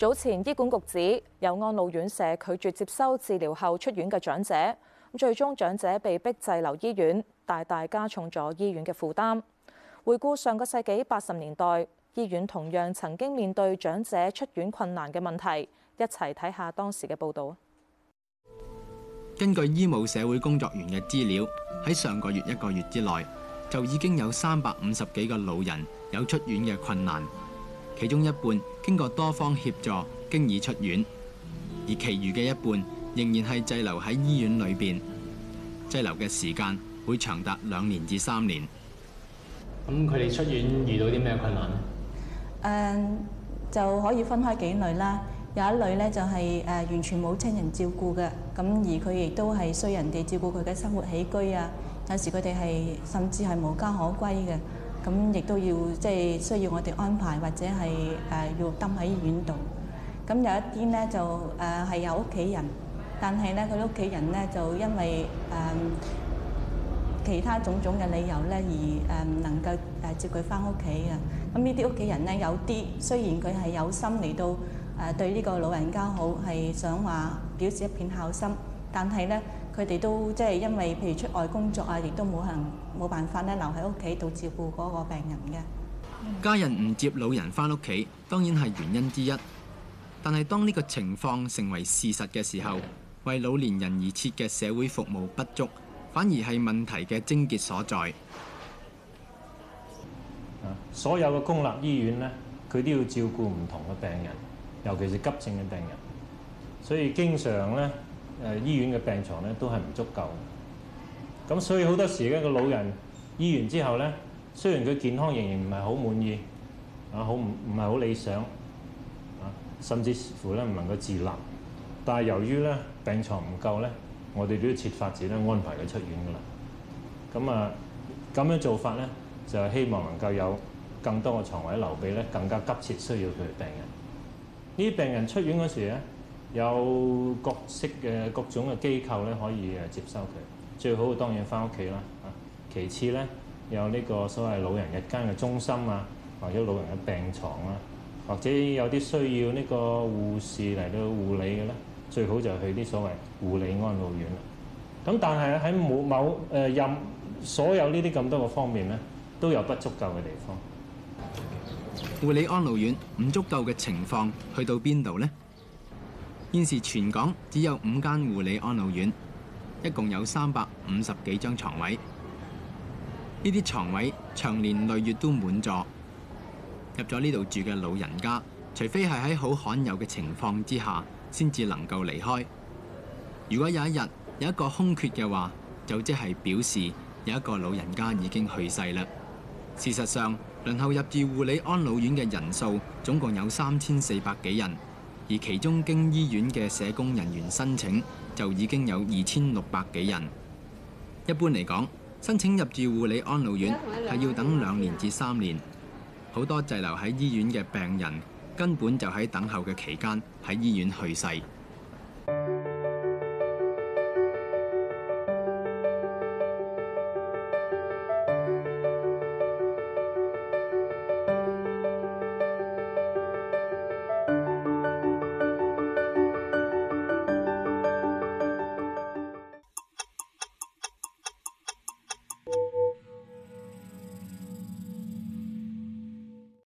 早前醫管局指，有安老院舍拒絕接收治療後出院嘅長者，最終長者被迫滯留醫院，大大加重咗醫院嘅負擔。回顧上個世紀八十年代，醫院同樣曾經面對長者出院困難嘅問題，一齊睇下當時嘅報導。根據醫務社會工作員嘅資料，喺上個月一個月之內，就已經有三百五十幾個老人有出院嘅困難。其中一半經過多方協助，經已出院；而其餘嘅一半仍然係滯留喺醫院裏邊，滯留嘅時間會長達兩年至三年。咁佢哋出院遇到啲咩困難咧？誒就可以分開幾類啦。有一類咧就係誒完全冇親人照顧嘅，咁而佢亦都係需人哋照顧佢嘅生活起居啊。有時佢哋係甚至係無家可歸嘅。咁亦都要即係需要我哋安排，或者係誒要登喺醫院度。咁有一啲咧就誒係有屋企人，但係咧佢屋企人咧就因為誒其他種種嘅理由咧而誒唔能夠誒接佢翻屋企嘅。咁呢啲屋企人咧有啲雖然佢係有心嚟到誒對呢個老人家好，係想話表示一片孝心，但係咧，佢哋都即係因為譬如出外工作啊，亦都冇行冇辦法咧留喺屋企度照顧嗰個病人嘅。家人唔接老人翻屋企，當然係原因之一。但係當呢個情況成為事實嘅時候，為老年人而設嘅社會服務不足，反而係問題嘅症結所在。所有嘅公立醫院咧，佢都要照顧唔同嘅病人，尤其是急症嘅病人，所以經常咧。誒醫院嘅病床咧都係唔足夠，咁所以好多時咧個老人醫完之後咧，雖然佢健康仍然唔係好滿意啊，好唔唔係好理想啊，甚至乎咧唔能夠自立，但係由於咧病床唔夠咧，我哋都要設法子咧安排佢出院㗎喇。咁啊，咁樣做法咧就係希望能夠有更多嘅床位留俾咧更加急切需要佢嘅病人。呢啲病人出院嗰時咧。有各式嘅各種嘅機構咧，可以誒接收佢。最好當然翻屋企啦，嚇。其次咧，有呢個所謂老人日間嘅中心啊，或者老人嘅病床啊，或者有啲需要呢個護士嚟到護理嘅咧，最好就去啲所謂護理安老院。咁但係喺冇某誒任、呃、所有呢啲咁多個方面咧，都有不足夠嘅地方。護理安老院唔足夠嘅情況去到邊度咧？現時全港只有五間護理安老院，一共有三百五十幾張床位。呢啲床位長年累月都滿座，入咗呢度住嘅老人家，除非係喺好罕有嘅情況之下，先至能夠離開。如果有一日有一個空缺嘅話，就即係表示有一個老人家已經去世啦。事實上，輪候入住護理安老院嘅人數總共有三千四百幾人。而其中經醫院嘅社工人員申請就已經有二千六百幾人。一般嚟講，申請入住護理安老院係要等兩年至三年，好多滯留喺醫院嘅病人根本就喺等候嘅期間喺醫院去世。